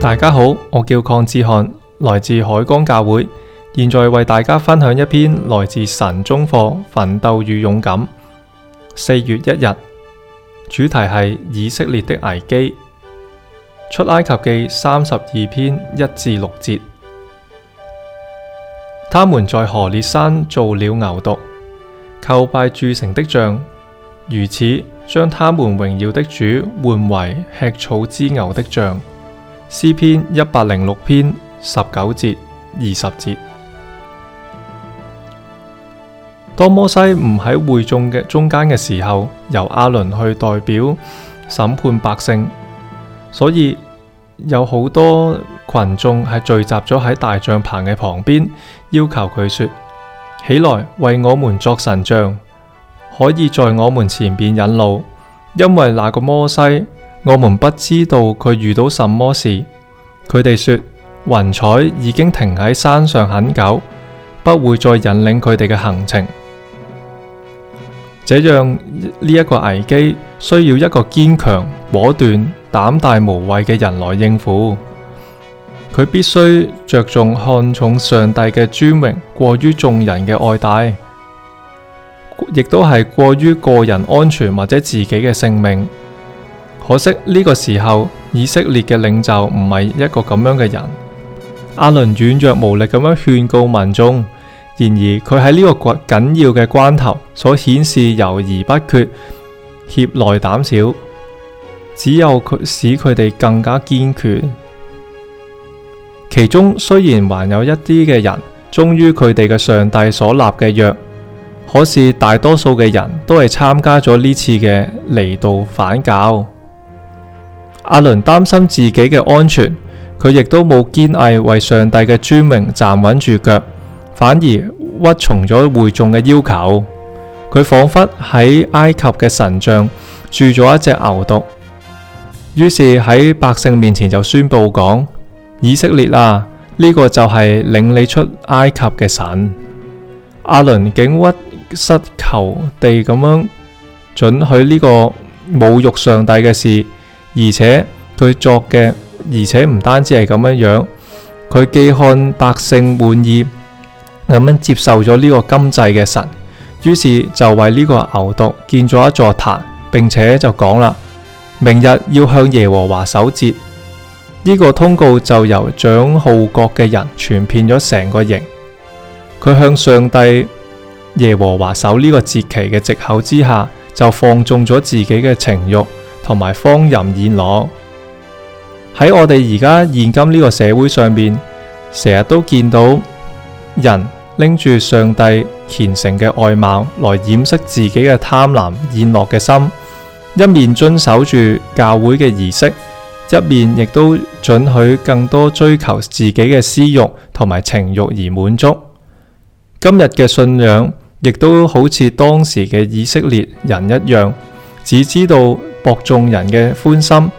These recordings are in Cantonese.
大家好，我叫鄺志瀚，來自海光教會，現在為大家分享一篇來自神中課《奮鬥與勇敢》四月一日，主題係以色列的危機，《出埃及記》三十二篇一至六節，他們在何烈山做了牛犢，叩拜鑄成的像，如此。將他們榮耀的主換為吃草之牛的像。詩篇一百零六篇十九節二十節。當摩西唔喺會眾嘅中間嘅時候，由阿倫去代表審判百姓，所以有好多群眾係聚集咗喺大帳棚嘅旁邊，要求佢說：起來為我們作神像。可以在我們前邊引路，因為那個摩西，我們不知道佢遇到什麼事。佢哋說，雲彩已經停喺山上很久，不會再引領佢哋嘅行程。這樣呢一個危機，需要一個堅強、果斷、膽大無畏嘅人來應付。佢必須着重看重上帝嘅尊榮，過於眾人嘅愛戴。亦都係過於個人安全或者自己嘅性命。可惜呢個時候，以色列嘅領袖唔係一個咁樣嘅人。阿倫軟弱無力咁樣勸告民眾，然而佢喺呢個緊要嘅關頭，所顯示猶豫不決、怯內膽小，只有佢使佢哋更加堅決。其中雖然還有一啲嘅人忠於佢哋嘅上帝所立嘅約。可是大多數嘅人都係參加咗呢次嘅離道反教。阿倫擔心自己嘅安全，佢亦都冇堅毅為上帝嘅尊名站穩住腳，反而屈從咗會眾嘅要求。佢仿佛喺埃及嘅神像鑄咗一隻牛犢，於是喺百姓面前就宣布講：以色列啊，呢、這個就係領你出埃及嘅神。阿倫竟屈。失求地咁樣准許呢個侮辱上帝嘅事，而且佢作嘅，而且唔單止係咁樣樣，佢既看百姓滿意咁樣接受咗呢個金製嘅神，於是就為呢個牛犢建咗一座壇，並且就講啦，明日要向耶和華守節。呢、這個通告就由長號國嘅人傳遍咗成個營，佢向上帝。耶和華守呢個節期嘅藉口之下，就放縱咗自己嘅情欲同埋荒淫宴樂。喺我哋而家現今呢個社會上面，成日都見到人拎住上帝虔誠嘅外貌來掩飾自己嘅貪婪宴樂嘅心，一面遵守住教會嘅儀式，一面亦都准許更多追求自己嘅私欲同埋情欲而滿足。今日嘅信仰。亦都好似當時嘅以色列人一樣，只知道博眾人嘅歡心。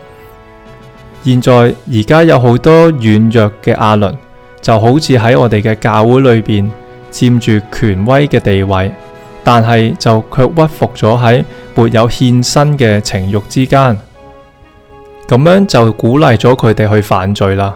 現在而家有好多軟弱嘅亞倫，就好似喺我哋嘅教會裏邊佔住權威嘅地位，但係就卻屈服咗喺沒有獻身嘅情欲之間，咁樣就鼓勵咗佢哋去犯罪啦。